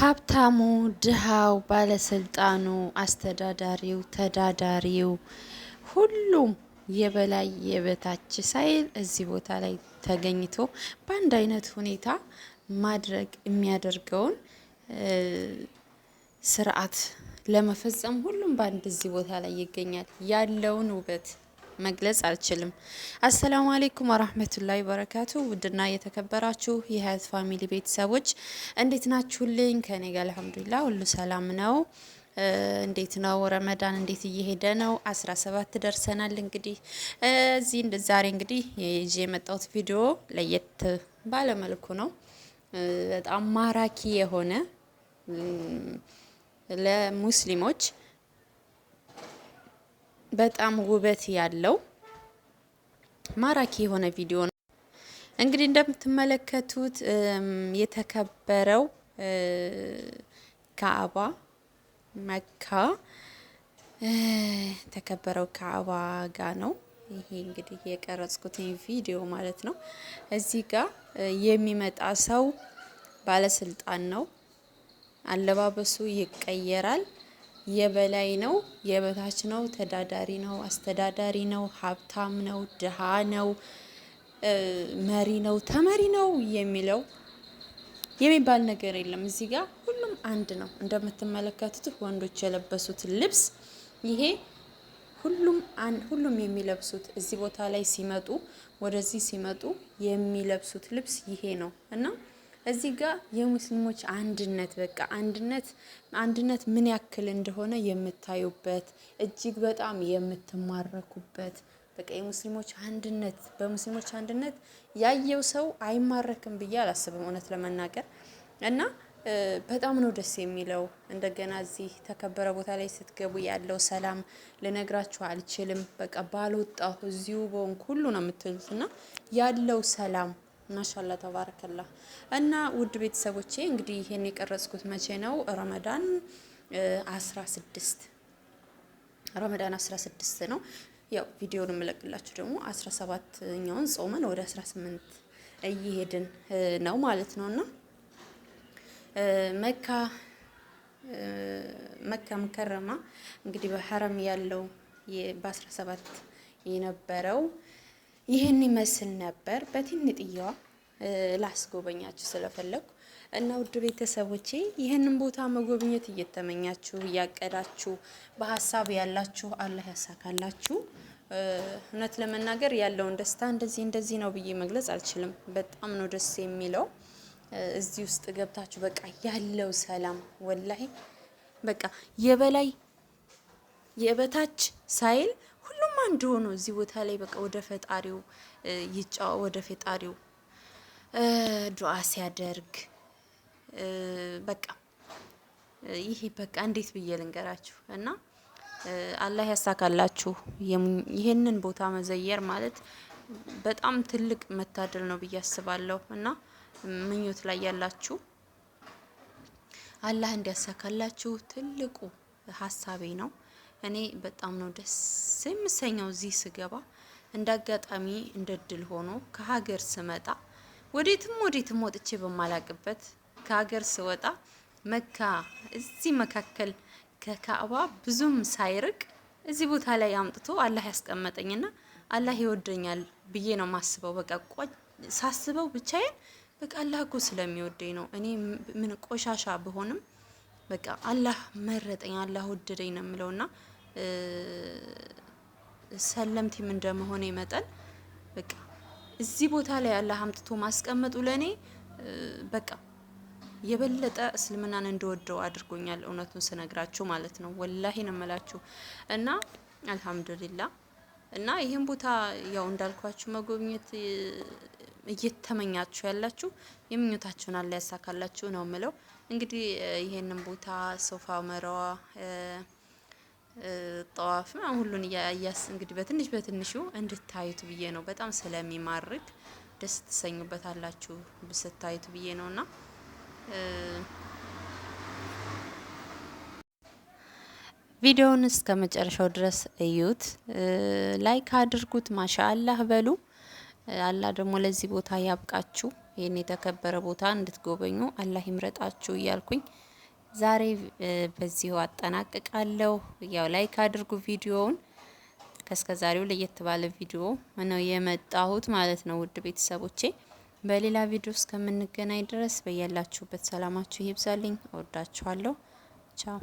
ሀብታሙ፣ ድሃው፣ ባለስልጣኑ፣ አስተዳዳሪው፣ ተዳዳሪው ሁሉም የበላይ የበታች ሳይል እዚህ ቦታ ላይ ተገኝቶ በአንድ አይነት ሁኔታ ማድረግ የሚያደርገውን ስርዓት ለመፈጸም ሁሉም በአንድ እዚህ ቦታ ላይ ይገኛል። ያለውን ውበት መግለጽ አልችልም። አሰላሙ አሌይኩም ወራህመቱላይ በረካቱ። ውድና የተከበራችሁ የሀያት ፋሚሊ ቤተሰቦች እንዴት ናችሁልኝ? ከኔ ጋር አልሐምዱሊላ ሁሉ ሰላም ነው። እንዴት ነው ረመዳን? እንዴት እየሄደ ነው? አስራ ሰባት ደርሰናል። እንግዲህ እዚህ ዛሬ እንግዲህ ይዤ የመጣሁት ቪዲዮ ለየት ባለመልኩ ነው። በጣም ማራኪ የሆነ ለሙስሊሞች በጣም ውበት ያለው ማራኪ የሆነ ቪዲዮ ነው። እንግዲህ እንደምትመለከቱት የተከበረው ካዕባ መካ የተከበረው ካዕባ ጋ ነው። ይሄ እንግዲህ የቀረጽኩት ቪዲዮ ማለት ነው። እዚህ ጋ የሚመጣ ሰው ባለስልጣን ነው። አለባበሱ ይቀየራል። የበላይ ነው፣ የበታች ነው፣ ተዳዳሪ ነው፣ አስተዳዳሪ ነው፣ ሀብታም ነው፣ ድሃ ነው፣ መሪ ነው፣ ተመሪ ነው የሚለው የሚባል ነገር የለም። እዚህ ጋር ሁሉም አንድ ነው። እንደምትመለከቱት ወንዶች የለበሱት ልብስ ይሄ ሁሉም አንድ ሁሉም የሚለብሱት እዚህ ቦታ ላይ ሲመጡ ወደዚህ ሲመጡ የሚለብሱት ልብስ ይሄ ነው እና እዚህ ጋር የሙስሊሞች አንድነት በቃ አንድነት አንድነት ምን ያክል እንደሆነ የምታዩበት እጅግ በጣም የምትማረኩበት በቃ የሙስሊሞች አንድነት በሙስሊሞች አንድነት ያየው ሰው አይማረክም ብዬ አላስብም እውነት ለመናገር እና በጣም ነው ደስ የሚለው። እንደገና እዚህ ተከበረ ቦታ ላይ ስትገቡ ያለው ሰላም ልነግራችሁ አልችልም። በቃ ባልወጣሁ እዚሁ በሆንኩ ሁሉ ነው የምትሉት እና ያለው ሰላም ማሻላ ተባረከላ። እና ውድ ቤተሰቦቼ እንግዲህ ይሄን የቀረጽኩት መቼ ነው? ረመዳን 16 ረመዳን 16 ነው። ያው ቪዲዮውን የምለቅላችሁ ደግሞ 17ኛውን ጾመን ወደ 18 እየሄድን ነው ማለት ነውና መካ መካ መከረማ እንግዲህ በሐረም ያለው በ17 የነበረው ይህን ይመስል ነበር። በትንጥየዋ ላስጎበኛችሁ ስለፈለኩ እና ውድ ቤተሰቦቼ ይህንን ቦታ መጎብኘት እየተመኛችሁ እያቀዳችሁ በሀሳብ ያላችሁ አላህ ያሳካላችሁ። እውነት ለመናገር ያለውን ደስታ እንደዚህ እንደዚህ ነው ብዬ መግለጽ አልችልም። በጣም ነው ደስ የሚለው እዚህ ውስጥ ገብታችሁ በቃ ያለው ሰላም ወላሂ በቃ የበላይ የበታች ሳይል እንደሆነ እዚህ ቦታ ላይ በቃ ወደ ፈጣሪው ይጫ ወደ ፈጣሪው ዱዓ ሲያደርግ በቃ ይሄ በቃ እንዴት ብዬ ልንገራችሁ እና አላህ ያሳካላችሁ። ይህንን ቦታ መዘየር ማለት በጣም ትልቅ መታደል ነው ብዬ አስባለሁ እና ምኞት ላይ ያላችሁ አላህ እንዲያሳካላችሁ ትልቁ ሀሳቤ ነው። እኔ በጣም ነው ደስ የምሰኘው እዚህ ስገባ። እንደ አጋጣሚ እንደ እድል ሆኖ ከሀገር ስመጣ ወዴትም ወዴትም ወጥቼ በማላቅበት ከሀገር ስወጣ መካ እዚህ መካከል ከካዕባ ብዙም ሳይርቅ እዚህ ቦታ ላይ አምጥቶ አላህ ያስቀመጠኝና አላህ ይወደኛል ብዬ ነው ማስበው። በቃ ሳስበው ብቻዬን በቃ አላህ እኮ ስለሚወደኝ ነው እኔ ምን ቆሻሻ ብሆንም በቃ አላህ መረጠኝ አላህ ወደደኝ ነው የምለው ና ሰለምቲም እንደመሆኔ መጠን በቃ እዚህ ቦታ ላይ አላህ አምጥቶ ማስቀመጡ ለእኔ በቃ የበለጠ እስልምናን እንደወደው አድርጎኛል። እውነቱን ስነግራችሁ ማለት ነው። ወላሂ ነው የምላችሁ እና አልሐምዱሊላ እና ይህን ቦታ ያው እንዳልኳችሁ መጎብኘት እየተመኛችሁ ያላችሁ የምኞታችሁን አላህ ያሳካላችሁ ነው ምለው። እንግዲህ ይሄንን ቦታ ሶፋ መረዋ ጠዋፍ ሁሉን እያያስ እንግዲህ በትንሽ በትንሹ እንድታዩት ብዬ ነው። በጣም ስለሚማርክ ደስ ትሰኙበታላችሁ ስታዩት ብዬ ነውና ቪዲዮውን እስከ መጨረሻው ድረስ እዩት፣ ላይክ አድርጉት፣ ማሻአላህ በሉ። አላህ ደግሞ ለዚህ ቦታ ያብቃችሁ። ይህን የተከበረ ቦታ እንድትጎበኙ አላህ ይምረጣችሁ እያልኩኝ ዛሬ በዚሁ አጠናቅቃለሁ። ያው ላይክ አድርጉ ቪዲዮውን። ከእስከ ዛሬው ለየት ባለ ቪዲዮ ነው የመጣሁት ማለት ነው። ውድ ቤተሰቦቼ በሌላ ቪዲዮ እስከምንገናኝ ድረስ በያላችሁበት ሰላማችሁ ይብዛልኝ። እወዳችኋለሁ። ቻው